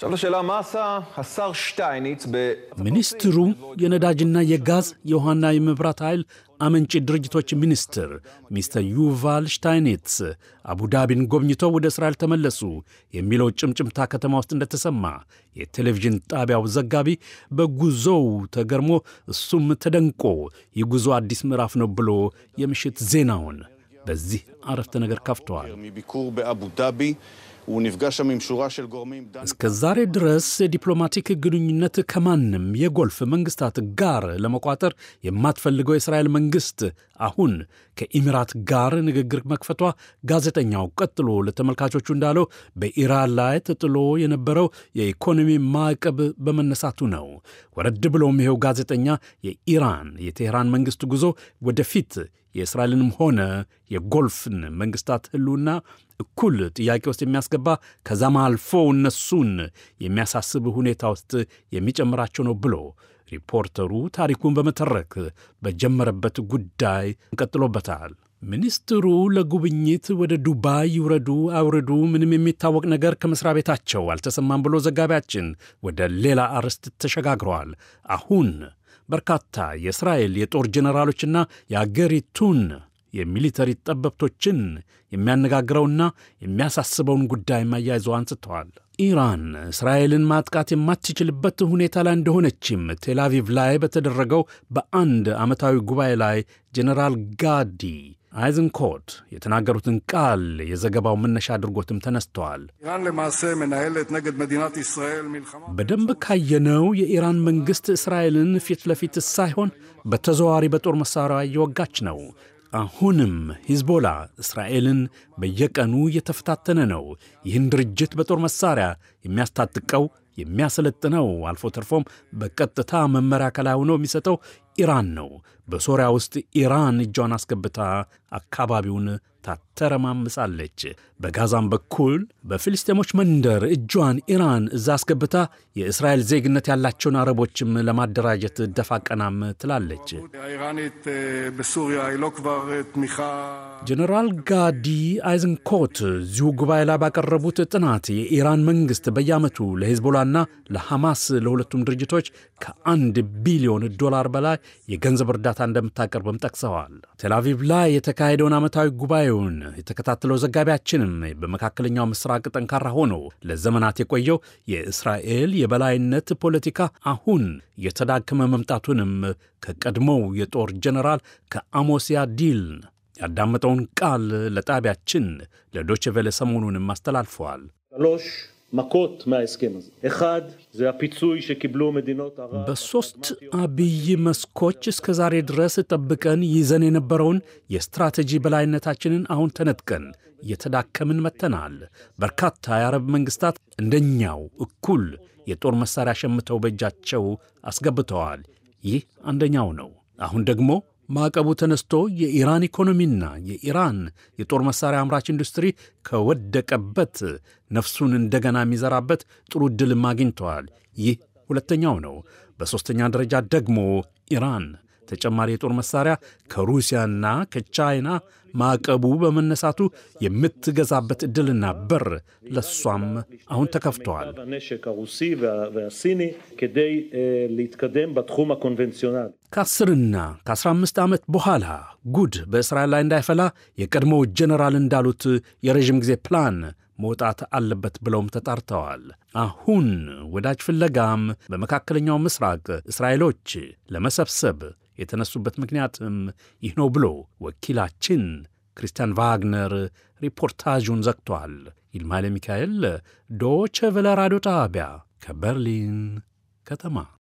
עכשיו לשאלה, מה עשה השר שטייניץ ב... የነዳጅና የጋዝ የውሃና የመብራት ኃይል አመንጭ ድርጅቶች ሚኒስትር ሚስተር ዩቫል ሽታይኔትስ አቡዳቢን ጎብኝተው ወደ እስራኤል ተመለሱ የሚለው ጭምጭምታ ከተማ ውስጥ እንደተሰማ የቴሌቪዥን ጣቢያው ዘጋቢ በጉዞው ተገርሞ እሱም ተደንቆ የጉዞ አዲስ ምዕራፍ ነው ብሎ የምሽት ዜናውን በዚህ አረፍተ ነገር ከፍተዋል። እስከ ዛሬ ድረስ የዲፕሎማቲክ ግንኙነት ከማንም የጎልፍ መንግስታት ጋር ለመቋጠር የማትፈልገው የእስራኤል መንግስት አሁን ከኢሚራት ጋር ንግግር መክፈቷ ጋዜጠኛው ቀጥሎ ለተመልካቾቹ እንዳለው በኢራን ላይ ተጥሎ የነበረው የኢኮኖሚ ማዕቀብ በመነሳቱ ነው። ወረድ ብሎም ይኸው ጋዜጠኛ የኢራን የቴህራን መንግስት ጉዞ ወደፊት የእስራኤልንም ሆነ የጎልፍን መንግስታት ህልውና እኩል ጥያቄ ውስጥ የሚያስገባ ከዛም አልፎ እነሱን የሚያሳስብ ሁኔታ ውስጥ የሚጨምራቸው ነው ብሎ ሪፖርተሩ ታሪኩን በመተረክ በጀመረበት ጉዳይ ቀጥሎበታል። ሚኒስትሩ ለጉብኝት ወደ ዱባይ ይውረዱ አውርዱ ምንም የሚታወቅ ነገር ከመስሪያ ቤታቸው አልተሰማም ብሎ ዘጋቢያችን ወደ ሌላ አርዕስት ተሸጋግረዋል። አሁን በርካታ የእስራኤል የጦር ጀነራሎችና የአገሪቱን የሚሊተሪ ጠበብቶችን የሚያነጋግረውና የሚያሳስበውን ጉዳይ ማያይዘው አንስተዋል። ኢራን እስራኤልን ማጥቃት የማትችልበት ሁኔታ ላይ እንደሆነችም ቴላቪቭ ላይ በተደረገው በአንድ ዓመታዊ ጉባኤ ላይ ጀነራል ጋዲ አይዝንኮት የተናገሩትን ቃል የዘገባው መነሻ አድርጎትም ተነስተዋል። በደንብ ካየነው የኢራን መንግሥት እስራኤልን ፊት ለፊት ሳይሆን በተዘዋዋሪ በጦር መሣሪያ እየወጋች ነው። አሁንም ሂዝቦላ እስራኤልን በየቀኑ እየተፈታተነ ነው። ይህን ድርጅት በጦር መሣሪያ የሚያስታጥቀው የሚያሰለጥነው አልፎ ተርፎም በቀጥታ መመሪያ ከላይ ሆኖ የሚሰጠው ኢራን ነው። በሶሪያ ውስጥ ኢራን እጇን አስገብታ አካባቢውን ታተረማምሳለች። በጋዛም በኩል በፊልስጤሞች መንደር እጇን ኢራን እዛ አስገብታ የእስራኤል ዜግነት ያላቸውን አረቦችም ለማደራጀት ደፋ ቀናም ትላለች። ጀነራል ጋዲ አይዝንኮት እዚሁ ጉባኤ ላይ ባቀረቡት ጥናት የኢራን መንግሥት በየዓመቱ ለሄዝቦላና ለሐማስ ለሁለቱም ድርጅቶች ከአንድ ቢሊዮን ዶላር በላይ የገንዘብ እርዳታ እንደምታቀርብም ጠቅሰዋል። ቴላቪቭ ላይ የተከ የተካሄደውን ዓመታዊ ጉባኤውን የተከታተለው ዘጋቢያችንም በመካከለኛው ምስራቅ ጠንካራ ሆኖ ለዘመናት የቆየው የእስራኤል የበላይነት ፖለቲካ አሁን የተዳከመ መምጣቱንም ከቀድሞው የጦር ጀነራል ከአሞስያ ዲል ያዳመጠውን ቃል ለጣቢያችን ለዶችቬለ ሰሞኑንም አስተላልፈዋል። מכות מההסכם הזה. אחד, זה הפיצוי שקיבלו מדינות ערב. በሶስት አብይ መስኮች እስከ ዛሬ ድረስ ጠብቀን ይዘን የነበረውን የስትራቴጂ በላይነታችንን አሁን ተነጥቀን እየተዳከምን መጥተናል። በርካታ የአረብ መንግሥታት እንደኛው እኩል የጦር መሣሪያ ሸምተው በእጃቸው አስገብተዋል። ይህ አንደኛው ነው። አሁን ደግሞ ማዕቀቡ ተነስቶ የኢራን ኢኮኖሚና የኢራን የጦር መሳሪያ አምራች ኢንዱስትሪ ከወደቀበት ነፍሱን እንደገና የሚዘራበት ጥሩ ዕድልም አግኝተዋል። ይህ ሁለተኛው ነው። በሦስተኛ ደረጃ ደግሞ ኢራን ተጨማሪ የጦር መሳሪያ ከሩሲያና ከቻይና ማዕቀቡ በመነሳቱ የምትገዛበት ዕድልና በር ለሷም አሁን ተከፍተዋል። ከአስርና ከአስራ አምስት ዓመት በኋላ ጉድ በእስራኤል ላይ እንዳይፈላ የቀድሞው ጀነራል እንዳሉት የረዥም ጊዜ ፕላን መውጣት አለበት ብለውም ተጣርተዋል። አሁን ወዳጅ ፍለጋም በመካከለኛው ምስራቅ እስራኤሎች ለመሰብሰብ የተነሱበት ምክንያትም ይህ ነው ብሎ ወኪላችን ክርስቲያን ቫግነር ሪፖርታዡን ዘግቷል። ይልማለ ሚካኤል ዶቸ ቨለ ራዲዮ ጣቢያ ከበርሊን ከተማ